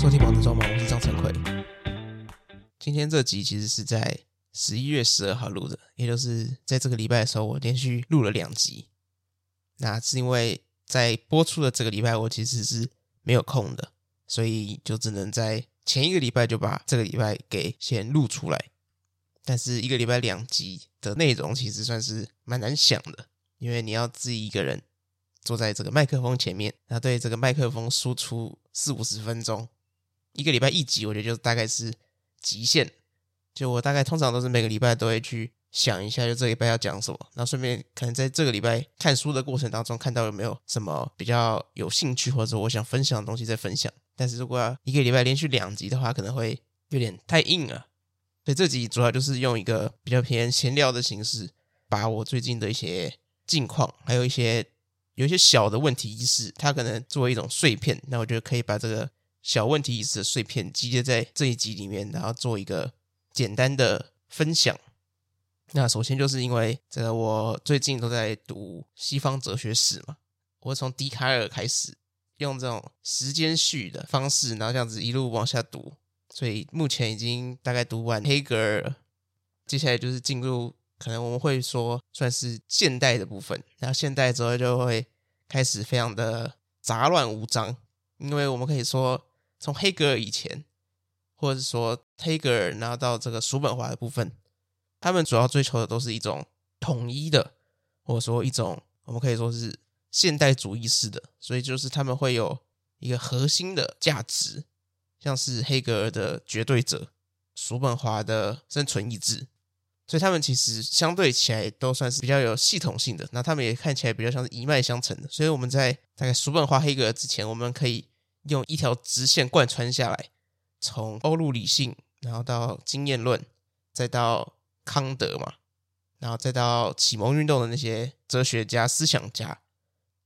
收聽《忙著裝忙》，我是張晨奎。今天這集其實是在十一月十二號錄的，也就是在這個禮拜的時候，我連續錄了兩集。那是因為在播出的這個禮拜，我其實是沒有空的，所以就只能在前一個禮拜就把這個禮拜給先錄出來。但是一個禮拜兩集的內容，其實算是蠻難想的，因為你要自己一個人坐在這個麥克風前面，然後對這個麥克風輸出四五十分鐘。一個禮拜一集，我覺得就大概是極限。就我大概通常都是每個禮拜都會去想一下，就這禮拜要講什麼，然後順便可能在這個禮拜看書的過程當中，看到有沒有什麼比較有興趣或者我想分享的東西再分享。但是如果要一個禮拜連續兩集的話，可能會有點太硬了。所以這集主要就是用一個比較偏閒聊的形式，把我最近的一些近況，還有一些有一些小的問題意識，它可能作為一種碎片，那我覺得可以把這個。小問題式的碎片集結在這一集裡面，然後做一個簡單的分享。那首先就是因為這個，呃，我最近都在讀西方哲學史嘛，我從笛卡爾開始，用這種時間序的方式，然後這樣子一路往下讀，所以目前已經大概讀完黑格爾，接下來就是進入可能我們會說算是現代的部分，然後現代之後就會開始非常的雜亂無章，因為我們可以說。從黑格爾以前，或者是說黑格爾，然後到這個叔本華的部分，他們主要追求的都是一種統一的，或者說一種我們可以說是現代主義式的，所以就是他們會有一個核心的價值，像是黑格爾的絕對者，叔本華的生存意志，所以他們其實相對起來都算是比較有系統性的，那他們也看起來比較像是一脈相承的，所以我們在大概叔本華、黑格爾之前，我們可以。用一條直線貫穿下來，從歐陸理性，然後到經驗論，再到康德嘛，然後再到啟蒙運動的那些哲學家、思想家，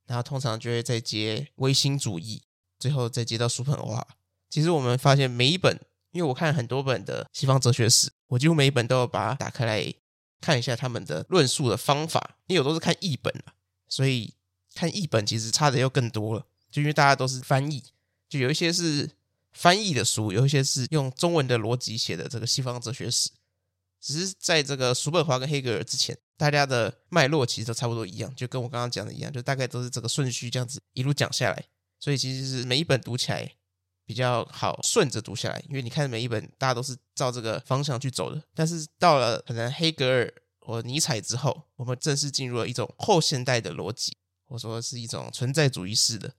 然後通常就會再接唯心主義，最後再接到叔本華。其實我們發現，每一本，因為我看很多本的西方哲學史，我幾乎每一本都要把它打開來看一下他們的論述的方法，因為我都是看譯本嘛，所以看譯本其實差的又更多了，就因為大家都是翻譯。有一些是翻譯的書，有一些是用中文的邏輯寫的這個西方哲學史。只是在這個叔本華跟黑格爾之前，大家的脈絡其實都差不多一樣，就跟我剛剛講的一樣，就大概都是這個順序這樣子一路講下來。所以其實是每一本讀起來比較好順着讀下來，因為你看每一本大家都是照這個方向去走的。但是到了可能黑格爾或尼采之後，我們正式進入了一種後現代的邏輯，或者說是一種存在主義式的。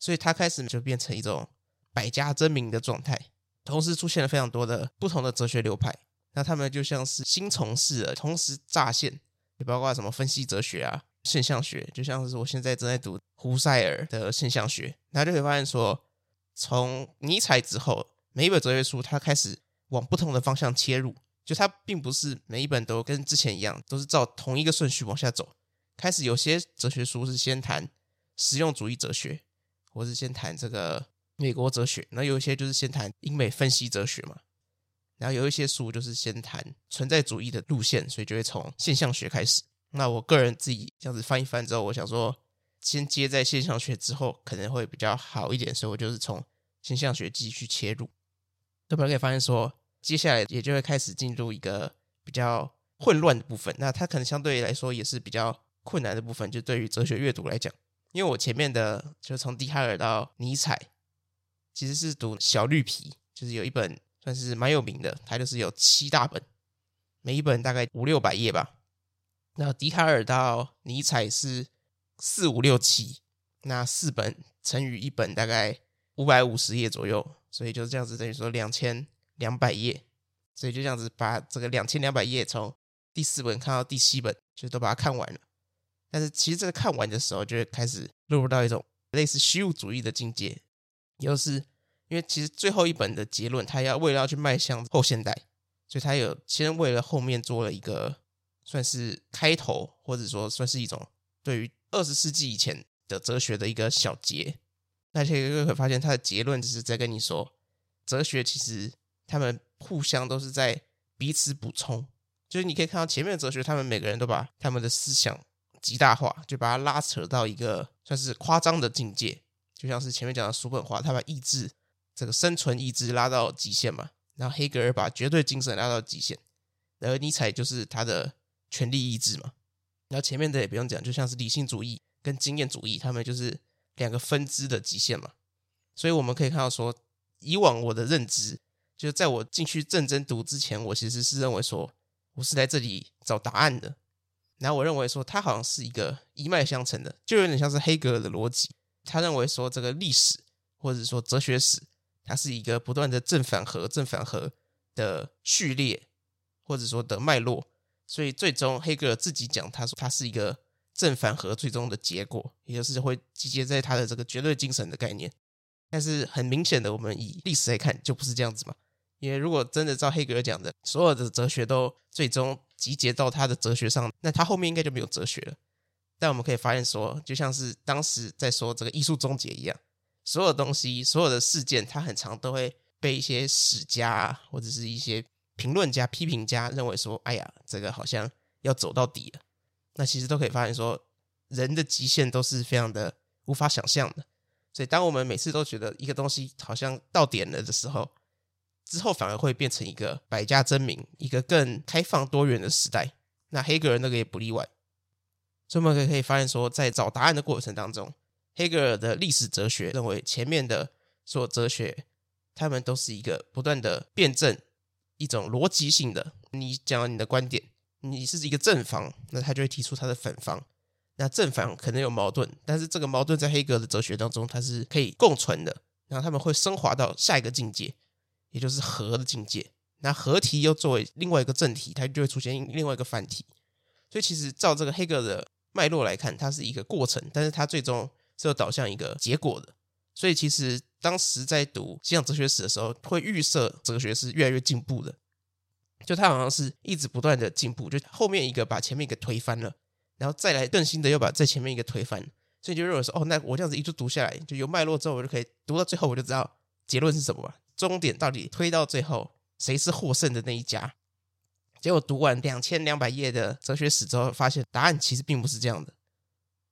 所以，他開始就變成一種百家爭鳴的狀態，同時出現了非常多的不同的哲學流派。那他們就像是新從事的，同時乍現，也包括什麼分析哲學啊、現象學，就像是我現在正在讀胡塞爾的現象學。那就會發現說，從尼采之後，每一本哲學書，它開始往不同的方向切入，就它並不是每一本都跟之前一樣，都是照同一個順序往下走。開始有些哲學書是先談實用主義哲學。我是先談這個美國哲學，那有一些就是先談英美分析哲學嘛，然後有一些書就是先談存在主義的路線，所以就會從現象學開始。那我個人自己這樣子翻一翻之後，我想說先接在現象學之後可能會比較好一點，所以我就是從現象學繼續切入。各位可以發現說，接下來也就會開始進入一個比較混亂的部分，那它可能相對來說也是比較困難的部分，就對於哲學閱讀來講。因為我前面的就是從笛卡爾到尼采，其實是讀小綠皮，就是有一本算是蠻有名的，它就是有七大本，每一本大概五六百頁吧。那笛卡爾到尼采是四五六七，那四本乘以一本大概五百五十頁左右，所以就是這樣子等於說兩千兩百頁，所以就這樣子把這個兩千兩百頁從第四本看到第七本就都把它看完了。但是其實，在看完的時候，就會開始落入到一種類似虛無主義的境界。也就是因為其實最後一本的結論，他要為了要去邁向後現代，所以他有先為了後面做了一個算是開頭，或者說算是一種對於二十世紀以前的哲學的一個小結。那你會發現，他的結論就是在跟你說，哲學其實他們互相都是在彼此補充，就是你可以看到前面的哲學，他們每個人都把他們的思想。極大化，就把它拉扯到一個算是誇張的境界，就像是前面講的叔本華，他把意志，這個生存意志拉到極限嘛，然後黑格爾把絕對精神拉到極限，然後尼采就是他的權力意志嘛，然後前面的也不用講，就像是理性主義跟經驗主義，他們就是兩個分支的極限嘛。所以我們可以看到說，以往我的認知，就是在我進去認真讀之前，我其實是認為說我是來這裡找答案的。然後我認為說，他好像是一個一脈相承的，就有點像是黑格爾的邏輯。他認為說，這個歷史或者說哲學史，它是一個不斷的正反合、正反合的序列，或者說的脈絡。所以最終，黑格爾自己講，他說他是一個正反合最終的結果，也就是會集結在他的這個絕對精神的概念。但是很明顯的，我們以歷史來看，就不是這樣子嘛。因為如果真的照黑格爾講的，所有的哲學都最終。集結到他的哲學上，那他後面應該就沒有哲學了。但我們可以發現說，就像是當時在說這個藝術終結一樣，所有東西、所有的事件，他很常都會被一些史家、啊、或者是一些評論家、批評家認為說：“哎呀，這個好像要走到底了。”那其實都可以發現說，人的極限都是非常的無法想象的。所以，當我們每次都覺得一個東西好像到點了的時候，之後反而會變成一個百家爭鳴、一個更開放多元的時代。那黑格爾那個也不例外。所以我們可以發現說，說在找答案的過程當中，黑格爾的歷史哲學認為，前面的所有哲學，他們都是一個不斷的辯證，一種邏輯性的。你講你的觀點，你是一個正方，那他就會提出他的反方。那正方可能有矛盾，但是這個矛盾在黑格爾的哲學當中，它是可以共存的。然後他們會升華到下一個境界。也就是合的境界，那合題又作為另外一個正題，它就會出現另外一個反題，所以其實照這個黑格爾的脈絡來看，它是一個過程，但是它最終是要導向一個結果的。所以其實當時在讀西洋哲學史的時候，會預設哲學是越來越進步的，就它好像是一直不斷的進步，就後面一個把前面一個推翻了，然後再來更新的又把這前面一個推翻，所以就認為說，哦，那我這樣子一直讀下來，就有脈絡之後，我就可以讀到最後，我就知道結論是什麼吧。終點到底推到最後，誰是獲勝的那一家？結果讀完兩千兩百頁的哲學史之後，發現答案其實並不是這樣的。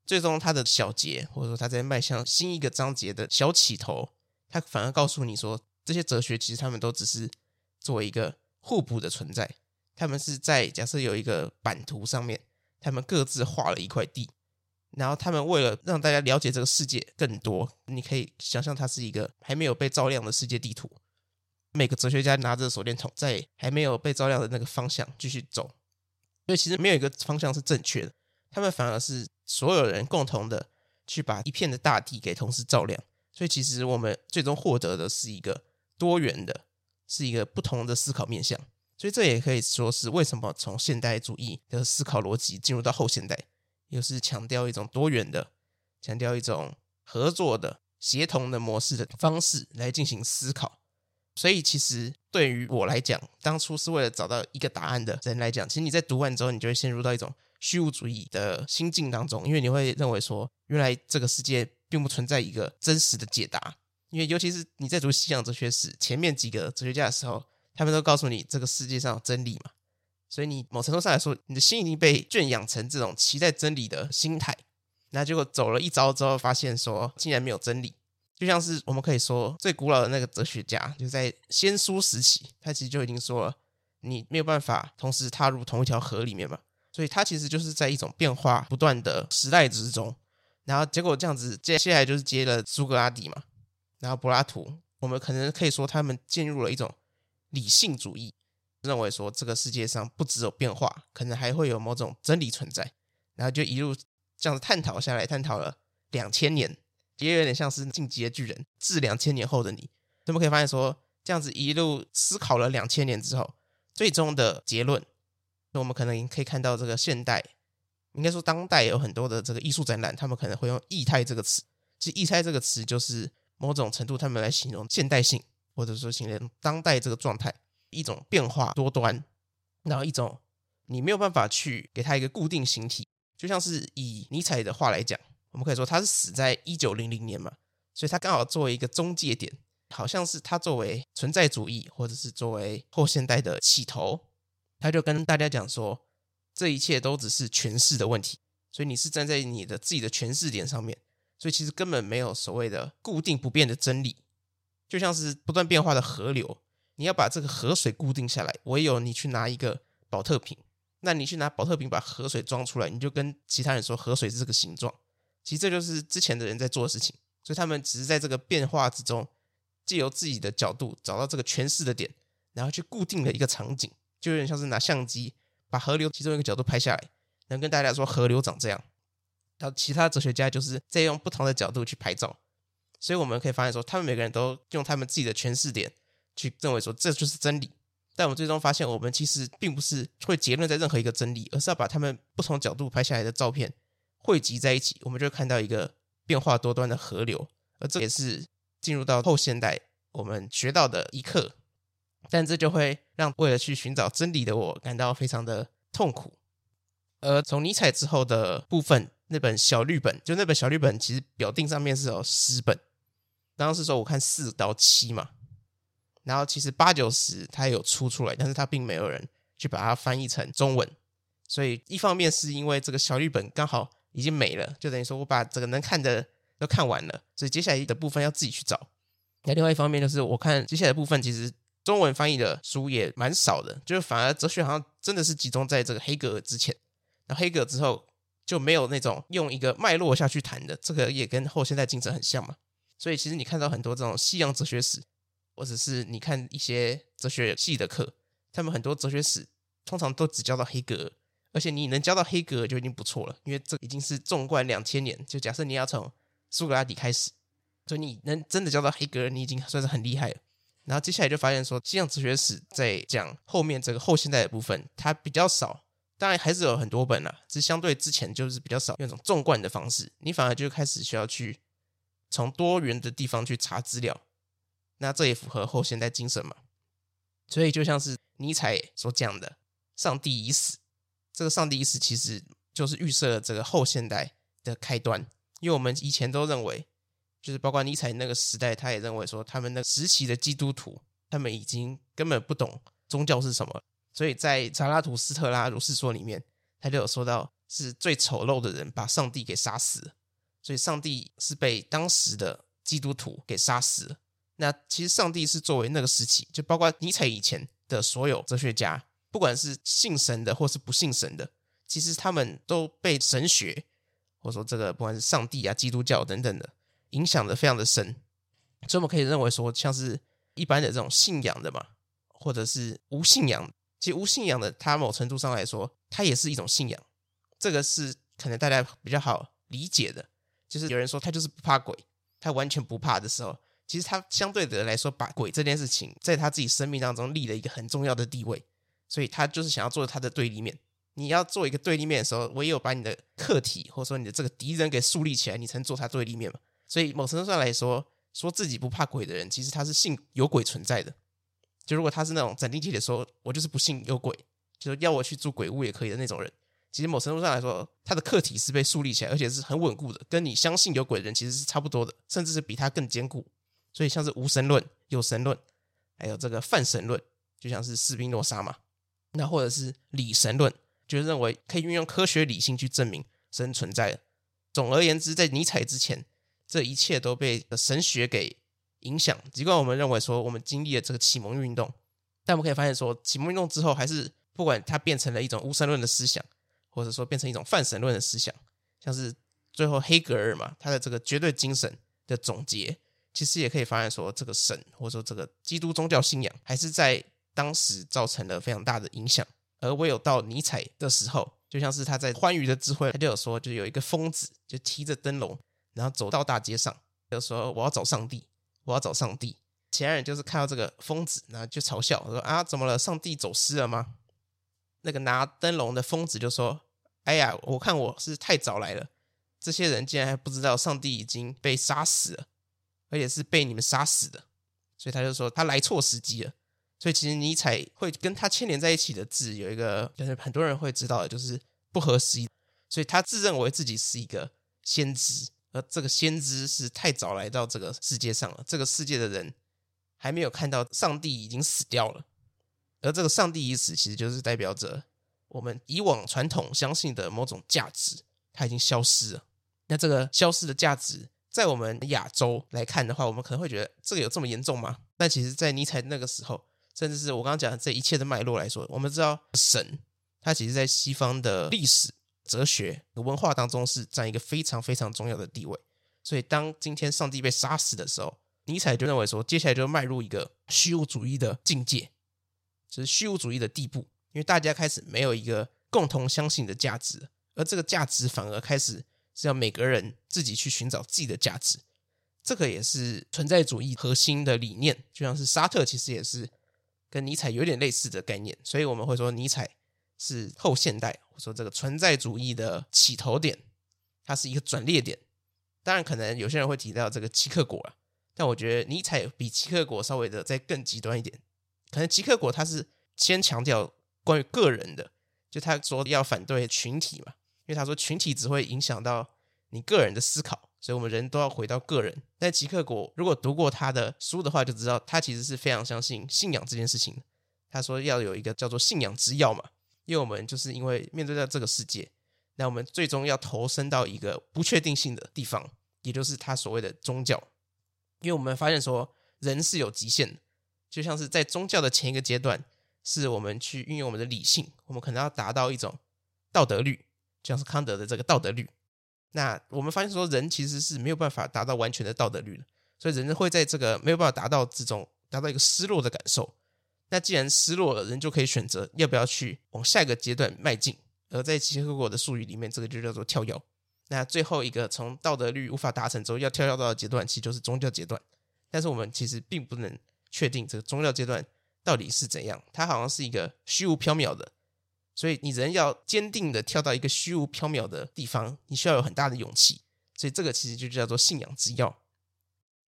最終，他的小結或者說他在邁向新一個章節的小起頭，他反而告訴你說，這些哲學其實他們都只是作為一個互補的存在。他們是在假設有一個版圖上面，他們各自畫了一塊地。然後他們為了讓大家了解這個世界更多，你可以想象它是一個還沒有被照亮的世界地圖。每個哲學家拿着手電筒，在還沒有被照亮的那個方向繼續走。所以其實沒有一個方向是正確的，他們反而是所有人共同的去把一片的大地給同時照亮。所以其實我們最終獲得的是一個多元的，是一個不同的思考面向。所以這也可以說是為什麼從現代主義的思考邏輯進入到後現代。又是強調一種多元的，強調一種合作的、協同的模式的方式來進行思考。所以，其實對於我來講，當初是為了找到一個答案的人來講，其實你在讀完之後，你就會陷入到一種虛無主義的心境當中，因為你會認為說，原來這個世界並不存在一個真實的解答。因為尤其是你在讀西洋哲學史前面幾個哲學家的時候，他們都告訴你這個世界上有真理嘛。所以你某程度上來說，你的心已經被圈養成這種期待真理的心態，那結果走了一遭之後，發現說竟然沒有真理。就像是我們可以說最古老的那個哲學家，就在先蘇時期，他其實就已經說了，你沒有辦法同時踏入同一條河裡面嘛。所以他其實就是在一種變化不斷的時代之中，然後結果這樣子接下來就是接了蘇格拉底嘛，然後柏拉圖，我們可能可以說他們進入了一種理性主義。認為說這個世界上不只有變化，可能還會有某種真理存在，然後就一路這樣子探討下來，探討了兩千年，也有點像是進擊的巨人。致兩千年後的你，我們可以發現說，這樣子一路思考了兩千年之後，最終的結論，那我們可能可以看到這個現代，應該說當代有很多的這個藝術展覽，他們可能會用「液態」這個詞，其實「液態」這個詞就是某種程度他們來形容現代性，或者說形容當代這個狀態。一種變化多端，然後一種你沒有辦法去給它一個固定形體，就像是以尼采的話來講，我們可以說他是死在一九零零年嘛，所以他剛好作為一個中介點，好像是他作為存在主義或者是作為後現代的起頭，他就跟大家講說，這一切都只是詮釋的問題，所以你是站在你的自己的詮釋點上面，所以其實根本沒有所謂的固定不變的真理，就像是不斷變化的河流。你要把這個河水固定下來，唯有你去拿一個保特瓶，那你去拿保特瓶把河水裝出來，你就跟其他人說河水是這個形狀。其實這就是之前的人在做的事情，所以他們只是在這個變化之中，借由自己的角度找到這個詮釋的點，然後去固定了一個場景，就有點像是拿相機把河流其中一個角度拍下來，能跟大家說河流長這樣。然後其他哲學家就是在用不同的角度去拍照，所以我們可以發現說，他們每個人都用他們自己的詮釋點。去認為說這就是真理，但我們最終發現，我們其實並不是會結論在任何一個真理，而是要把他們不同角度拍下來的照片匯集在一起，我們就會看到一個變化多端的河流。而這也是進入到後現代我們學到的一課，但這就會讓為了去尋找真理的我感到非常的痛苦。而從尼采之後的部分，那本小綠本，就那本小綠本其實表定上面是有十本，當時說我看四到七嘛。然後其實八九十它有出出來，但是它並沒有人去把它翻譯成中文。所以一方面是因為這個小綠本剛好已經沒了，就等於說我把這個能看的都看完了，所以接下來的部分要自己去找。那另外一方面就是我看接下來的部分，其實中文翻譯的書也蠻少的，就是反而哲學好像真的是集中在這個黑格爾之前，那黑格爾之後就沒有那種用一個脈絡下去談的。這個也跟後現代精神很像嘛。所以其實你看到很多這種西洋哲學史。或者是你看一些哲學系的課，他們很多哲學史通常都只教到黑格爾，而且你能教到黑格爾就已經不錯了，因為這已經是縱貫兩千年。就假設你要從蘇格拉底開始，所以你能真的教到黑格爾，你已經算是很厲害了。然後接下來就發現說，西洋哲學史在講後面這個後現代的部分，它比較少，當然還是有很多本了，只是相對之前就是比較少。用一種縱貫的方式，你反而就開始需要去從多元的地方去查資料。那這也符合後現代精神嘛？所以就像是尼采所講的“上帝已死”，這個“上帝已死”其實就是預設了這個後現代的開端。因為我們以前都認為，就是包括尼采那個時代，他也認為說，他們那個時期的基督徒，他們已經根本不懂宗教是什麼。所以在《查拉圖斯特拉如是說》裡面，他就有說到，是最醜陋的人把上帝給殺死，所以上帝是被當時的基督徒給殺死。那其實，上帝是作為那個時期，就包括尼采以前的所有哲學家，不管是信神的或是不信神的，其實他們都被神學或者說這個不管是上帝啊、基督教等等的影響得非常的深。所以我們可以認為說，像是一般的這種信仰的嘛，或者是無信仰，其實無信仰的，他某程度上來說，它也是一種信仰。這個是可能大家比較好理解的，就是有人說他就是不怕鬼，他完全不怕的時候。其實他相對的來說，把鬼這件事情在他自己生命當中立了一個很重要的地位，所以他就是想要做他的對立面。你要做一個對立面的時候，唯有把你的客體或者說你的這個敵人給樹立起來，你才能做他對立面嘛。所以某程度上來說，說自己不怕鬼的人，其實他是信有鬼存在的。就如果他是那種斬釘截鐵說“我就是不信有鬼”，就是要我去住鬼屋也可以的那種人，其實某程度上來說，他的客體是被樹立起來，而且是很穩固的，跟你相信有鬼的人其實是差不多的，甚至是比他更堅固。所以像是無神論、有神論，還有這個泛神論，就像是斯賓諾莎嘛。那或者是理神論，就是認為可以運用科學理性去證明神存在。總而言之，在尼采之前，這一切都被神學給影響。儘管我們認為說我們經歷了這個啟蒙運動，但我們可以發現說，啟蒙運動之後還是不管它變成了一種無神論的思想，或者說變成一種泛神論的思想，像是最後黑格爾嘛，他的這個絕對精神的總結。其實也可以發現說這個神或者說這個基督宗教信仰，還是在當時造成了非常大的影響。而唯有到尼采的時候，就像是他在《歡愉的智慧》，他就有說，就有一個瘋子就提着燈籠，然後走到大街上，就說：“我要找上帝，我要找上帝。”其他人就是看到這個瘋子然後就嘲笑說：“啊，怎麼了？上帝走失了嗎？”那個拿燈籠的瘋子就說：“哎呀，我看我是太早來了，這些人竟然還不知道上帝已經被殺死了。”而且是被你們殺死的，所以他就說他來錯時機了。所以其實尼采會跟他牽連在一起的字有一個，就是很多人會知道的，就是不合時宜。所以他自認為自己是一個先知，而這個先知是太早來到這個世界上了。這個世界的人還沒有看到上帝已經死掉了，而這個上帝已死，其實就是代表着我們以往傳統相信的某種價值，它已經消失了。那這個消失的價值。在我們亞洲來看的話，我們可能會覺得這個有這麼嚴重嗎？但其實，在尼采那個時候，甚至是我剛剛講的這一切的脈絡來說，我們知道神，它其實在西方的歷史、哲學、文化當中是占一個非常非常重要的地位。所以，當今天上帝被殺死的時候，尼采就認為說，接下來就邁入一個虛無主義的境界，就是虛無主義的地步，因為大家開始沒有一個共同相信的價值，而這個價值反而開始。是要每個人自己去尋找自己的價值，這個也是存在主義核心的理念。就像是沙特，其實也是跟尼采有點類似的概念，所以我們會說尼采是後現代，說這個存在主義的起頭點，它是一個轉捩點。當然，可能有些人會提到這個齊克果了、啊，但我覺得尼采比齊克果稍微的再更極端一點。可能齊克果它是先強調關於個人的，就他說要反對群體嘛。因為他說，群體只會影響到你個人的思考，所以我們人都要回到個人。但齊克果如果讀過他的書的話，就知道他其實是非常相信信仰這件事情。他說要有一個叫做信仰之鑰嘛，因為我們就是因為面對到這個世界，那我們最終要投身到一個不確定性的地方，也就是他所謂的宗教。因為我們發現說，人是有極限的，就像是在宗教的前一個階段，是我們去運用我們的理性，我們可能要達到一種道德律。像是康德的這個道德律，那我們發現說，人其實是沒有辦法達到完全的道德律的，所以人會在這個沒有辦法達到之中，達到一個失落的感受。那既然失落了，人就可以選擇要不要去往下一個階段邁進。而在齊克果的術語裡面，這個就叫做跳躍。那最後一個從道德律無法達成之後要跳躍到的階段，其實就是宗教階段。但是我們其實並不能確定這個宗教階段到底是怎樣，它好像是一個虛無縹緲的。所以你人要堅定地跳到一個虛無縹緲的地方，你需要有很大的勇氣。所以這個其實就叫做信仰之躍。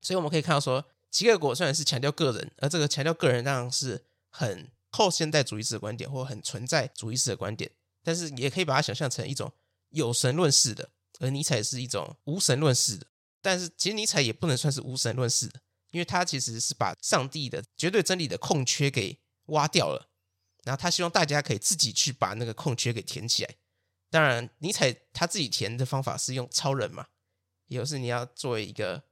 所以我們可以看到說，齊克果雖然是強調個人，而這個強調個人當然是很後現代主義式的觀點，或很存在主義式的觀點。但是也可以把它想象成一種有神論式的，而尼采是一種無神論式的。但是其實尼采也不能算是無神論式的，因為他其實是把上帝的絕對真理的空缺給挖掉了。然後他希望大家可以自己去把那個空缺給填起來。當然，尼采他自己填的方法是用超人嘛，也就是你要作為一個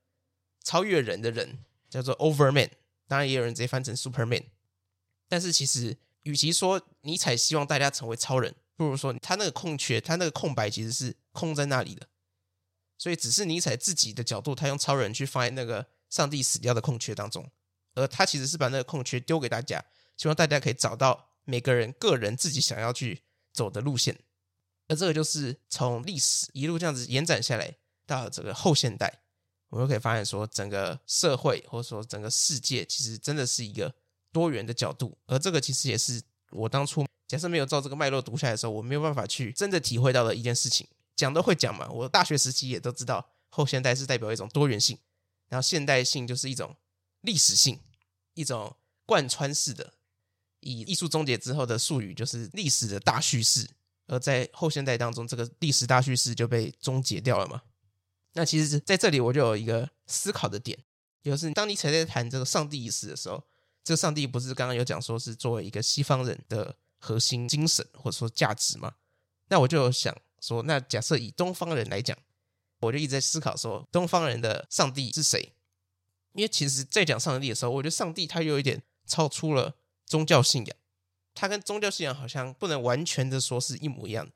超越人的人，叫做 Overman。當然也有人直接翻成 Superman。但是其實，與其說尼采希望大家成為超人，不如說他那個空缺，他那個空白其實是空在那裡的。所以只是尼采自己的角度，他用超人去放在那個上帝死掉的空缺當中，而他其實是把那個空缺丟給大家，希望大家可以找到。每個人個人自己想要去走的路線，而這個就是從歷史一路這樣子延展下來到這個後現代，我們就可以發現說，整個社會或者說整個世界其實真的是一個多元的角度，而這個其實也是我當初假設沒有照這個脈絡讀下來的時候，我沒有辦法去真的體會到的一件事情。講都會講嘛，我大學時期也都知道，後現代是代表一種多元性，然後現代性就是一種歷史性，一種貫穿式的。以藝術終結之後的術語就是歷史的大敘事，而在後現代當中，這個歷史大敘事就被終結掉了嘛。那其實在這裡我就有一個思考的點，就是當你才在談這個上帝意識的時候，這個上帝不是剛剛有講說是作為一個西方人的核心精神或者說價值嗎？那我就想說，那假設以東方人來講，我就一直在思考說，東方人的上帝是誰？因為其實，在講上帝的時候，我覺得上帝他有一點超出了。宗教信仰，它跟宗教信仰好像不能完全的說是一模一樣，因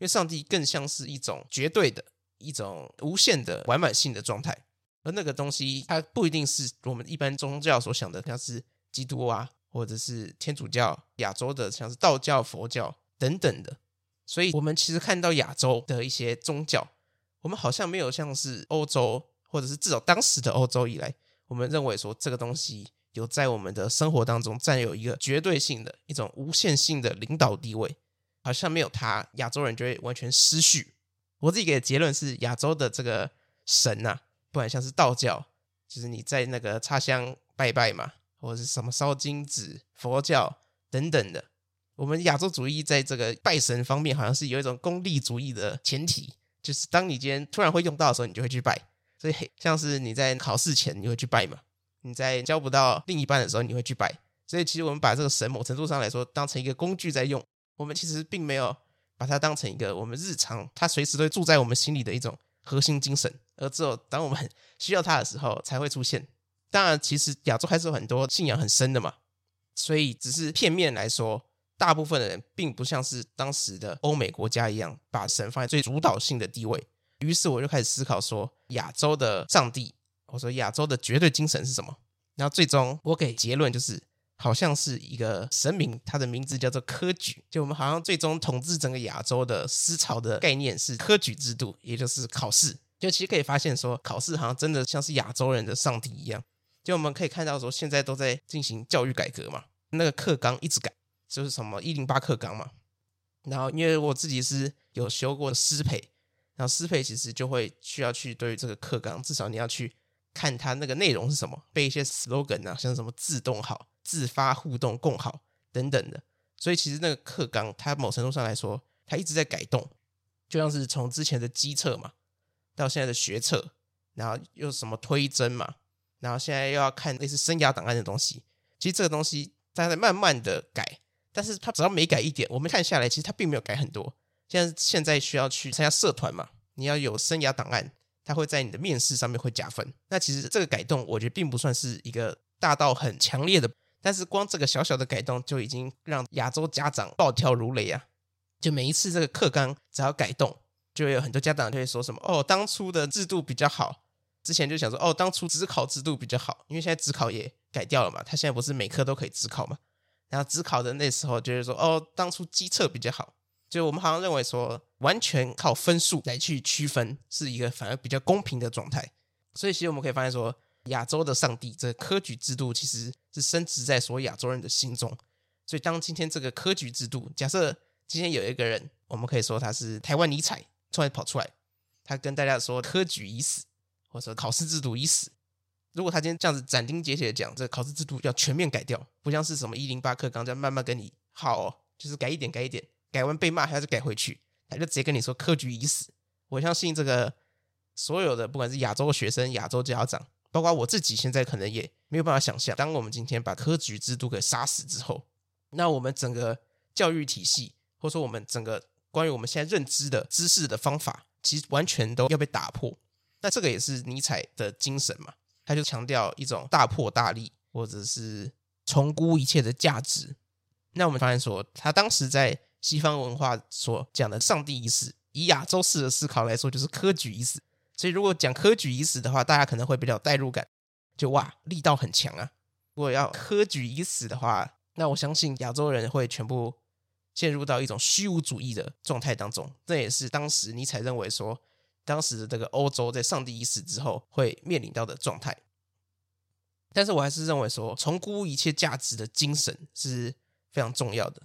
為上帝更像是一種絕對的一種無限的完滿性的狀態，而那個東西它不一定是我們一般宗教所想的，像是基督啊，或者是天主教、亞洲的像是道教、佛教等等的。所以我們其實看到亞洲的一些宗教，我們好像沒有像是歐洲，或者是至少當時的歐洲以來，我們認為說這個東西。有在我們的生活當中占有一個絕對性的一種無限性的領導地位，好像沒有他，亞洲人就會完全失序。我自己給的結論是，亞洲的這個神吶、啊，不管像是道教，就是你在那個插香拜拜嘛，或者是什麼燒金紙、佛教等等的，我們亞洲主義在這個拜神方面，好像是有一種功利主義的前提，就是當你今天突然會用到的時候，你就會去拜。所以嘿，像是你在考試前，你會去拜嘛。你在交不到另一半的時候，你會去拜。所以其實我們把這個神，某程度上來說，當成一個工具在用。我們其實並沒有把它當成一個我們日常，它隨時都會住在我們心裡的一種核心精神。而只有當我們很需要它的時候，才會出現。當然，其實亞洲還是有很多信仰很深的嘛。所以只是片面來說，大部分的人並不像是當時的歐美國家一樣，把神放在最主導性的地位。於是我就開始思考說，亞洲的上帝。我說亞洲的絕對精神是什麼？然後最終我給結論就是，好像是一個神明，他的名字叫做科舉。就我們好像最終統治整個亞洲的思潮的概念是科舉制度，也就是考試。就其實可以發現說，考試好像真的像是亞洲人的上帝一樣。就我們可以看到說，現在都在進行教育改革嘛，那個課綱一直改，就是什麼一零八課綱嘛。然後因為我自己是有修過師培，然後師培其實就會需要去對於這個課綱，至少你要去。看他那個內容是什麼，背一些 slogan 啊，像什麼自動好、自發互動共好等等的，所以其實那個課綱它某程度上來說，它一直在改動，就像是從之前的基測嘛，到現在的學測，然後又什麼推甄嘛，然後現在又要看類似生涯檔案的東西，其實這個東西大家在慢慢的改，但是它只要每改一點，我們看下來其實它並沒有改很多。現在現在需要去參加社團嘛，你要有生涯檔案。他會在你的面試上面會加分，那其實這個改動我覺得並不算是一個大到很強烈的，但是光這個小小的改動就已經讓亞洲家長暴跳如雷啊！就每一次這個課綱只要改動，就有很多家長就會說什麼：“哦，當初的制度比較好，之前就想說，哦，當初指考制度比較好，因為現在指考也改掉了嘛，他現在不是每科都可以指考嘛，然後指考的那時候就是說，哦，當初基測比較好。”就我們好像認為說，完全靠分數來去區分是一個反而比較公平的狀態，所以其實我們可以發現說，亞洲的上帝這科舉制度其實是深植在所有亞洲人的心中。所以當今天這個科舉制度，假設今天有一個人，我們可以說他是台灣尼采突然跑出來，他跟大家說，科舉已死，或者說考試制度已死。如果他今天這樣子斬釘截鐵的講，這考試制度要全面改掉，不像是什麼一零八課綱這樣慢慢跟你好、哦，就是改一點改一點。改完被罵，他就改回去，他就直接跟你說：“科舉已死。”我相信這個所有的不管是亞洲學生、亞洲家長，包括我自己，現在可能也沒有辦法想象，當我們今天把科舉制度給殺死之後，那我們整個教育體系，或者說我們整個關於我們現在認知的知識的方法，其實完全都要被打破。那這個也是尼采的精神嘛，他就強調一種大破大立，或者是重估一切的價值。那我們發現說，他當時在。西方文化所講的上帝已死，以亞洲式的思考來說，就是科舉已死。所以，如果講科舉已死的話，大家可能會比較有代入感，就哇，力道很強啊！如果要科舉已死的話，那我相信亞洲人會全部陷入到一種虛無主義的狀態當中。這也是當時尼采認為說，當時的這個歐洲在上帝已死之後會面臨到的狀態。但是我還是認為說，重估一切價值的精神是非常重要的。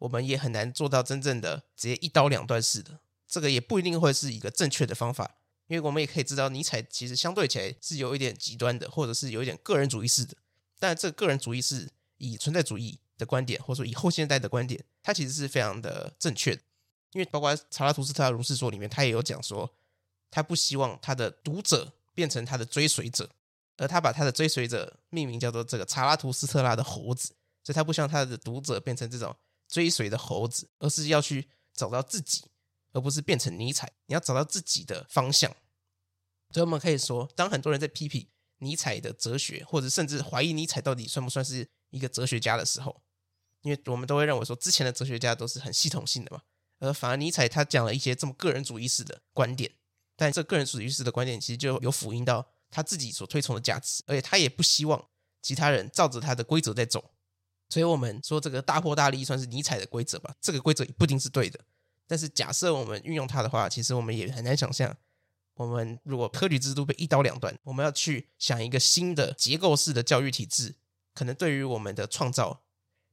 我們也很難做到真正的直接一刀兩斷式的，這個也不一定會是一個正確的方法，因為我們也可以知道，尼采其實相對起來是有一點極端的，或者是有一點個人主義式的。但這個個人主義是以存在主義的觀點，或者說以後現代的觀點，它其實是非常的正確的。因為包括《查拉圖斯特拉如是說》裡面，他也有講說，他不希望他的讀者變成他的追隨者，而他把他的追隨者命名叫做這個查拉圖斯特拉的猴子，所以他不希望他的讀者變成這種。追隨的猴子，而是要去找到自己，而不是變成尼采。你要找到自己的方向。所以我們可以說，當很多人在批評尼采的哲學，或者甚至懷疑尼采到底算不算是一個哲學家的時候，因為我們都會認為說，之前的哲學家都是很系統性的嘛，而反而尼采他講了一些這麼個人主義式的觀點。但這個個人主義式的觀點其實就有反映到他自己所推崇的價值，而且他也不希望其他人照着他的規則在走。所以我們說這個大破大立算是尼采的規則吧？這個規則也不一定是對的，但是假設我們運用它的話，其實我們也很難想象，我們如果科舉制度被一刀兩斷，我們要去想一個新的結構式的教育體制，可能對於我們的創造、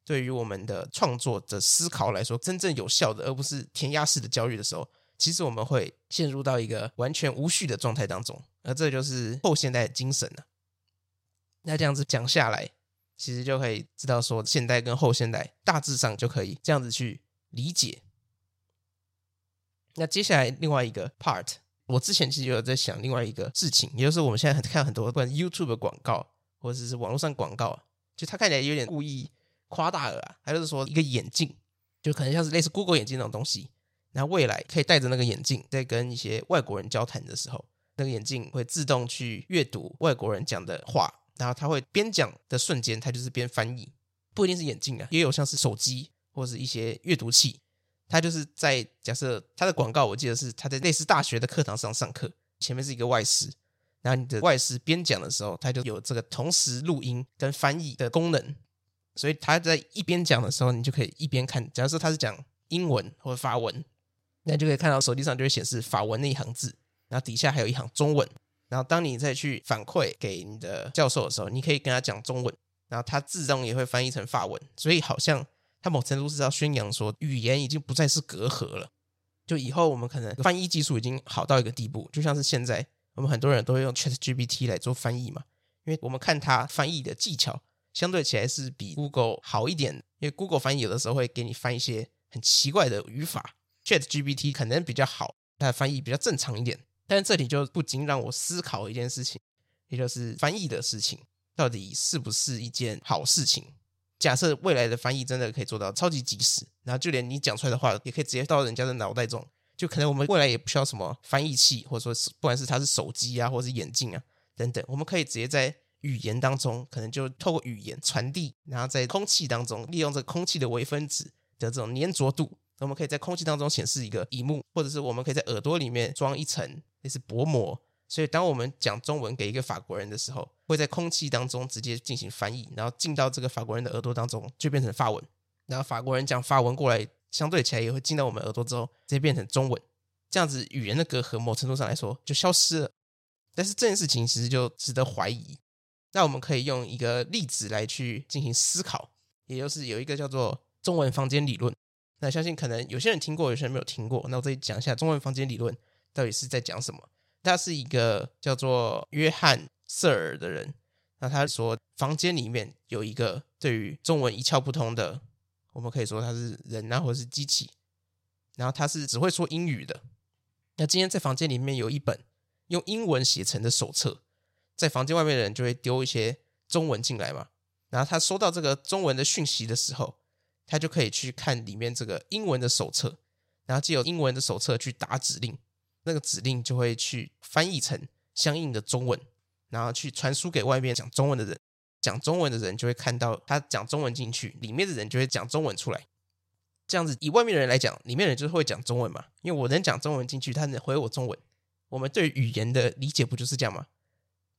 對於我們的創作的思考來說，真正有效的，而不是填鴨式的教育的時候，其實我們會陷入到一個完全無序的狀態當中，而這就是後現代的精神了。那這樣子講下來，其實就可以知道說，現代跟後現代大致上就可以這樣子去理解。那接下來另外一個 part，我之前其實有在想另外一個事情，也就是我們現在很看很多關於 YouTube 的廣告或者是，是網絡上廣告，就它看起來有點故意誇大了啊。還就是說一個眼鏡，就可能像是類似 Google 眼鏡那種東西，那未來可以戴着那個眼鏡，在跟一些外國人交談的時候，那個眼鏡會自動去閱讀外國人講的話。然後他會邊講的瞬間，他就是邊翻譯，不一定是眼鏡啊，也有像是手機或者是一些閱讀器，他就是在假設他的廣告，我記得是他在類似大學的課堂上上課，前面是一個外師，然後你的外師邊講的時候，他就有這個同時錄音跟翻譯的功能，所以他在一邊講的時候，你就可以一邊看。假如說他是講英文或者法文，那你就可以看到手機上就會顯示法文那一行字，然後底下還有一行中文。然後當你再去反饋給你的教授的時候，你可以跟他講中文，然後他自動也會翻譯成法文。所以好像他某程度是要宣揚說，語言已經不再是隔閡了。就以後我們可能翻譯技術已經好到一個地步，就像是現在我們很多人都會用 ChatGPT 來做翻譯嘛，因為我們看它翻譯的技巧相對起來是比 Google 好一點，因為 Google 翻譯有的時候會給你翻一些很奇怪的語法，ChatGPT 可能比較好，它的翻譯比較正常一點。但是這裡就不禁讓我思考一件事情，也就是翻譯的事情，到底是不是一件好事情？假設未來的翻譯真的可以做到超級及時，然後就連你講出來的話也可以直接到人家的腦袋中，就可能我們未來也不需要什麼翻譯器，或者說是不管是它是手機啊，或者是眼鏡啊等等，我們可以直接在語言當中，可能就透過語言傳遞，然後在空氣當中利用這空氣的微分子的這種粘着度。我們可以在空氣當中顯示一個螢幕，或者是我們可以在耳朵裡面裝一層那是薄膜。所以，當我們講中文給一個法國人的時候，會在空氣當中直接進行翻譯，然後進到這個法國人的耳朵當中就變成法文。然後法國人講法文過來，相對起來也會進到我們耳朵之後直接變成中文。這樣子語言的隔閡某程度上來說就消失了。但是這件事情其實就值得懷疑。那我們可以用一個例子來去進行思考，也就是有一個叫做“中文房間理論”。那相信可能有些人聽過，有些人沒有聽過。那我這裡講一下中文房間理論到底是在講什麼。他是一個叫做約翰·瑟爾的人，那他說房間裡面有一個對於中文一竅不通的，我們可以說他是人啊，或者是機器，然後他是只會說英語的。那今天在房間裡面有一本用英文寫成的手冊，在房間外面的人就會丟一些中文進來嘛。然後他收到這個中文的訊息的時候。他就可以去看裡面這個英文的手冊，然後借由英文的手冊去打指令，那個指令就會去翻譯成相應的中文，然後去傳輸給外面講中文的人。講中文的人就會看到他講中文進去，裡面的人就會講中文出來。這樣子以外面的人來講，裡面的人就是會講中文嘛？因為我能講中文進去，他能回我中文。我們對語言的理解不就是這樣嗎？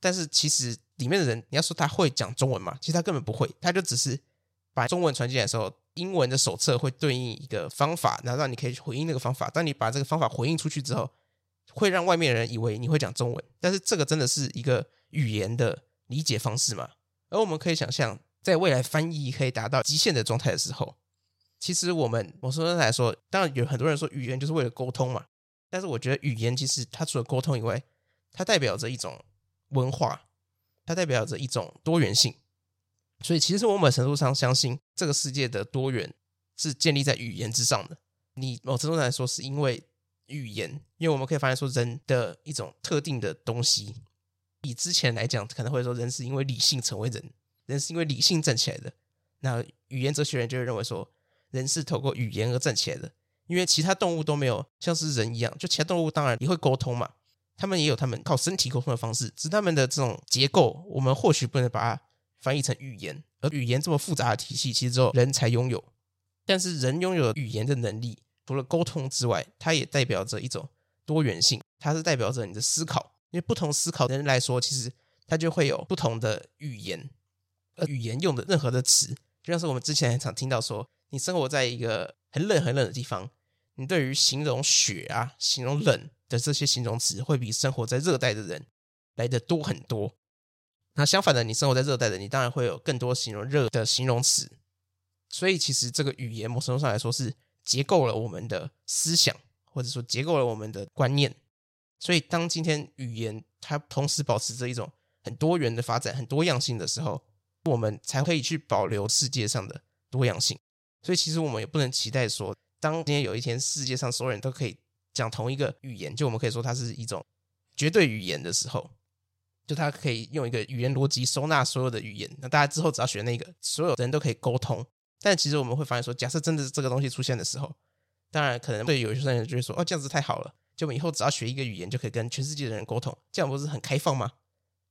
但是其實裡面的人，你要說他會講中文嘛？其實他根本不會，他就只是把中文傳進來的時候。英文的手冊會對應一個方法，然後讓你可以去回應那個方法。當你把這個方法回應出去之後，會讓外面的人以為你會講中文。但是這個真的是一個語言的理解方式嘛？而我們可以想象，在未來翻譯可以達到極限的狀態的時候，其實我們我說的來說，當然有很多人說語言就是為了溝通嘛。但是我覺得語言其實它除了溝通以外，它代表着一種文化，它代表着一種多元性。所以，其實我們某程度上相信，這個世界的多元是建立在語言之上的。你某程度上來說，是因為語言，因為我們可以發現說，人的一種特定的東西。以之前來講，可能會說人是因為理性成為人，人是因為理性站起來的。那語言哲學人就會認為說，人是透過語言而站起來的，因為其他動物都沒有像是人一樣，就其他動物當然也會溝通嘛，他們也有他們靠身體溝通的方式，只是他們的這種結構，我們或許不能把它，翻譯成語言，而語言這麼複雜的體系，其實只有人才擁有。但是，人擁有的語言的能力，除了溝通之外，它也代表着一種多元性。它是代表着你的思考，因為不同思考的人來說，其實他就會有不同的語言。而語言用的任何的詞，就像是我們之前很常聽到說，你生活在一個很冷、很冷的地方，你對於形容雪啊、形容冷的這些形容詞，會比生活在熱帶的人來的多很多。那相反的，你生活在熱帶的，你當然會有更多形容熱的形容詞。所以，其實這個語言某種程度上來說是結構了我們的思想，或者說結構了我們的觀念。所以，當今天語言它同時保持着一種很多元的發展、很多樣性的時候，我們才可以去保留世界上的多樣性。所以，其實我們也不能期待說，當今天有一天世界上所有人都可以講同一個語言，就我們可以說它是一種絕對語言的時候。就它可以用一個語言邏輯收納所有的語言，那大家之後只要學那個，所有的人都可以溝通。但其實我們會發現說，假設真的這個東西出現的時候，當然可能對有些人就會說，哦，這樣子太好了，就我們以後只要學一個語言就可以跟全世界的人溝通，這樣不是很開放嗎？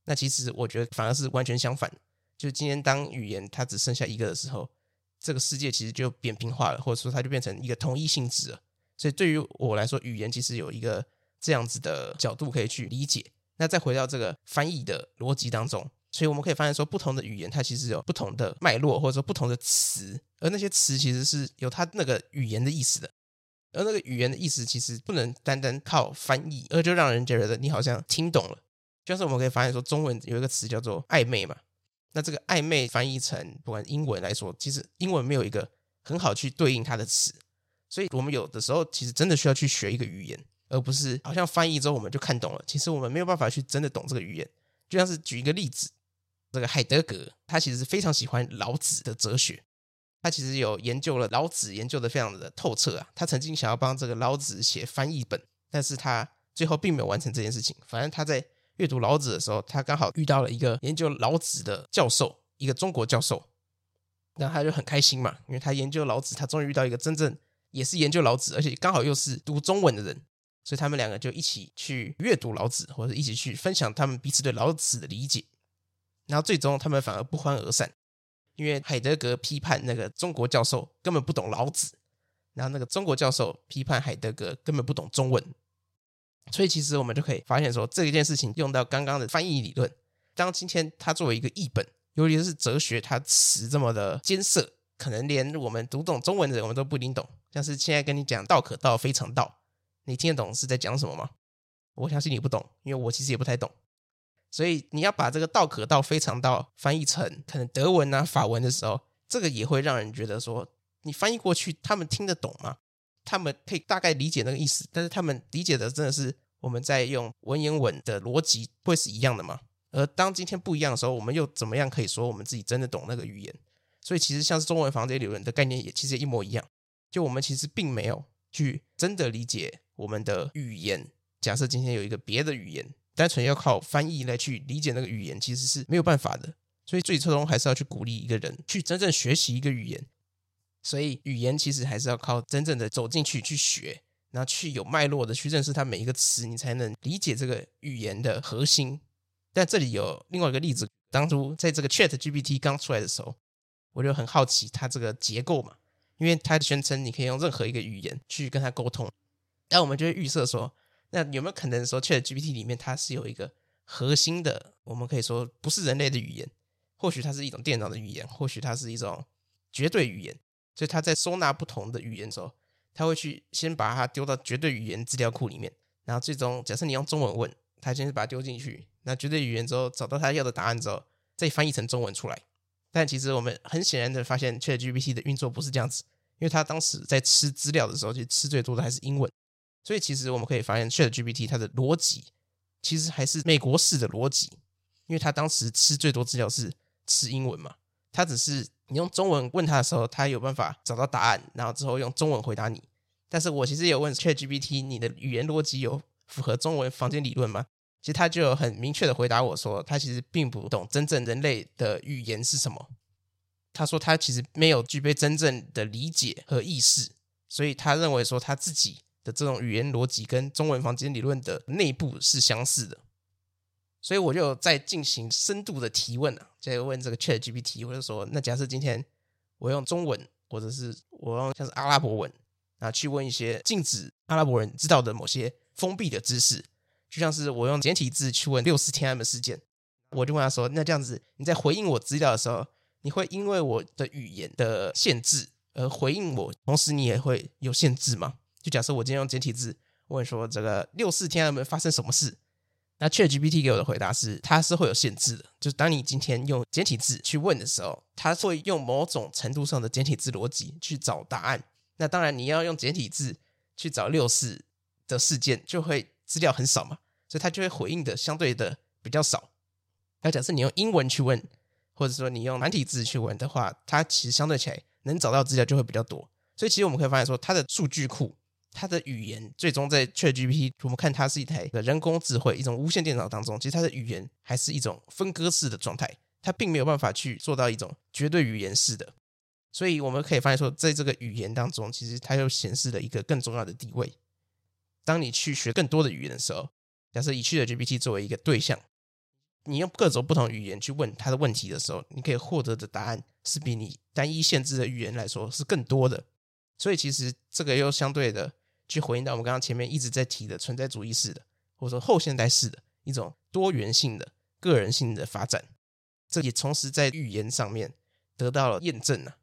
那其實我覺得反而是完全相反。就今天當語言它只剩下一個的時候，這個世界其實就扁平化了，或者說它就變成一個同一性質了。所以對於我來說，語言其實有一個這樣子的角度可以去理解。那再回到這個翻譯的邏輯當中，所以我們可以發現說，不同的語言它其實有不同的脈絡，或者說不同的詞，而那些詞其實是有它那個語言的意思的。而那個語言的意思其實不能單單靠翻譯，而就讓人覺得你好像聽懂了。就像是我們可以發現說，中文有一個詞叫做曖昧嘛，那這個曖昧翻譯成不管英文來說，其實英文沒有一個很好去對應它的詞，所以我們有的時候其實真的需要去學一個語言。而不是好像翻譯之後我們就看懂了，其實我們沒有辦法去真的懂這個語言。就像是舉一個例子，這個海德格他其實是非常喜歡老子的哲學，他其實有研究了老子，研究的非常的透徹啊。他曾經想要幫這個老子寫翻譯本，但是他最後並沒有完成這件事情。反正他在閱讀老子的時候，他剛好遇到了一個研究老子的教授，一個中國教授，那他就很開心嘛，因為他研究老子，他終於遇到一個真正也是研究老子，而且剛好又是讀中文的人。所以他們兩個就一起去閱讀老子，或者一起去分享他們彼此對老子的理解，然後最終他們反而不歡而散，因為海德格批判那個中國教授根本不懂老子，然後那個中國教授批判海德格根本不懂中文。所以其實我們就可以發現說，這一件事情用到剛剛的翻譯理論。當今天它作為一個譯本，尤其是哲學，它詞這麼的艱澀，可能連我們讀懂中文的人我們都不一定懂。像是現在跟你講“道可道，非常道”。你聽得懂是在講什麼嗎？我相信你不懂，因為我其實也不太懂。所以你要把這個“道可道，非常道”翻譯成可能德文啊、法文的時候，這個也會讓人覺得說，你翻譯過去，他們聽得懂嗎？他們可以大概理解那個意思，但是他們理解的真的是我們在用文言文的邏輯會是一樣的嗎？而當今天不一樣的時候，我們又怎麼樣可以說我們自己真的懂那個語言？所以其實像是中文房間理論的概念，也其實也一模一樣。就我們其實並沒有去真的理解。我們的語言，假設今天有一個別的語言，單純要靠翻譯來去理解那個語言，其實是沒有辦法的。所以最終還是要去鼓勵一個人去真正學習一個語言。所以語言其實還是要靠真正的走進去去學，然後去有脈絡的去認識它每一個詞，你才能理解這個語言的核心。但這裡有另外一個例子，當初在這個 ChatGPT 剛出來的時候，我就很好奇它這個結構嘛，因為它宣稱你可以用任何一個語言去跟它溝通。那我們就會預設說，那有沒有可能說，ChatGPT 裡面它是有一個核心的，我們可以說不是人類的語言，或許它是一種電腦的語言，或許它是一種絕對語言。所以它在收納不同的語言之後，它會去先把它丟到絕對語言資料庫裡面，然後最終假設你用中文問，它先是把它丟進去，那絕對語言之後找到它要的答案之後，再翻譯成中文出來。但其實我們很顯然的發現，ChatGPT 的運作不是這樣子，因為它當時在吃資料的時候，其實吃最多的還是英文。所以其實我們可以發現，ChatGPT 它的邏輯其實還是美國式的邏輯，因為他當時吃最多資料是吃英文嘛。他只是你用中文問他的時候，他有辦法找到答案，然後之後用中文回答你。但是我其實也有問 ChatGPT，你的語言邏輯有符合中文房間理論嗎？其實他就很明確的回答我說，他其實並不懂真正人類的語言是什麼。他說他其實沒有具備真正的理解和意識，所以他認為說他自己。的這種語言邏輯跟中文房間理論的內部是相似的，所以我就在進行深度的提問啊，就問這個 ChatGPT，或者說，那假設今天我用中文，或者是我用像是阿拉伯文啊，去問一些禁止阿拉伯人知道的某些封閉的知識，就像是我用簡體字去問六四天安門事件，我就問他說，那這樣子你在回應我資料的時候，你會因為我的語言的限制而回應我，同時你也會有限制嗎？就假設我今天用簡體字問說這個六四天安門發生什麼事，那 ChatGPT 給我的回答是，它是會有限制的。就是當你今天用簡體字去問的時候，它會用某種程度上的簡體字邏輯去找答案。那當然，你要用簡體字去找六四的事件，就會資料很少嘛，所以它就會回應的相對的比較少。那假設你用英文去問，或者說你用繁體字去問的話，它其實相對起來能找到資料就會比較多。所以其實我們可以發現說，它的數據庫。它的語言最終在 ChatGPT，我們看它是一台的人工智慧，一種無線電腦當中，其實它的語言還是一種分割式的狀態，它並沒有辦法去做到一種絕對語言式的。所以我們可以發現說，在這個語言當中，其實它又顯示了一個更重要的地位。當你去學更多的語言的時候，假設以 ChatGPT 作為一個對象，你用各種不同語言去問它的問題的時候，你可以獲得的答案是比你單一限制的語言來說是更多的。所以其實這個又相對的。去回應到我們剛剛前面一直在提的存在主義式的，或者說後現代式的，一種多元性的、個人性的發展，這也同時在語言上面得到了驗證了。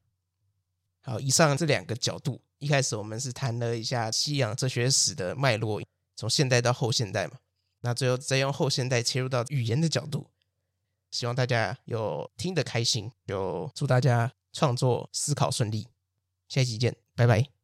好，以上這兩個角度，一開始我們是談了一下西洋哲學史的脈絡，從現代到後現代嘛，那最後再用後現代切入到語言的角度，希望大家有聽得開心，有祝大家創作思考順利，下一見，拜拜。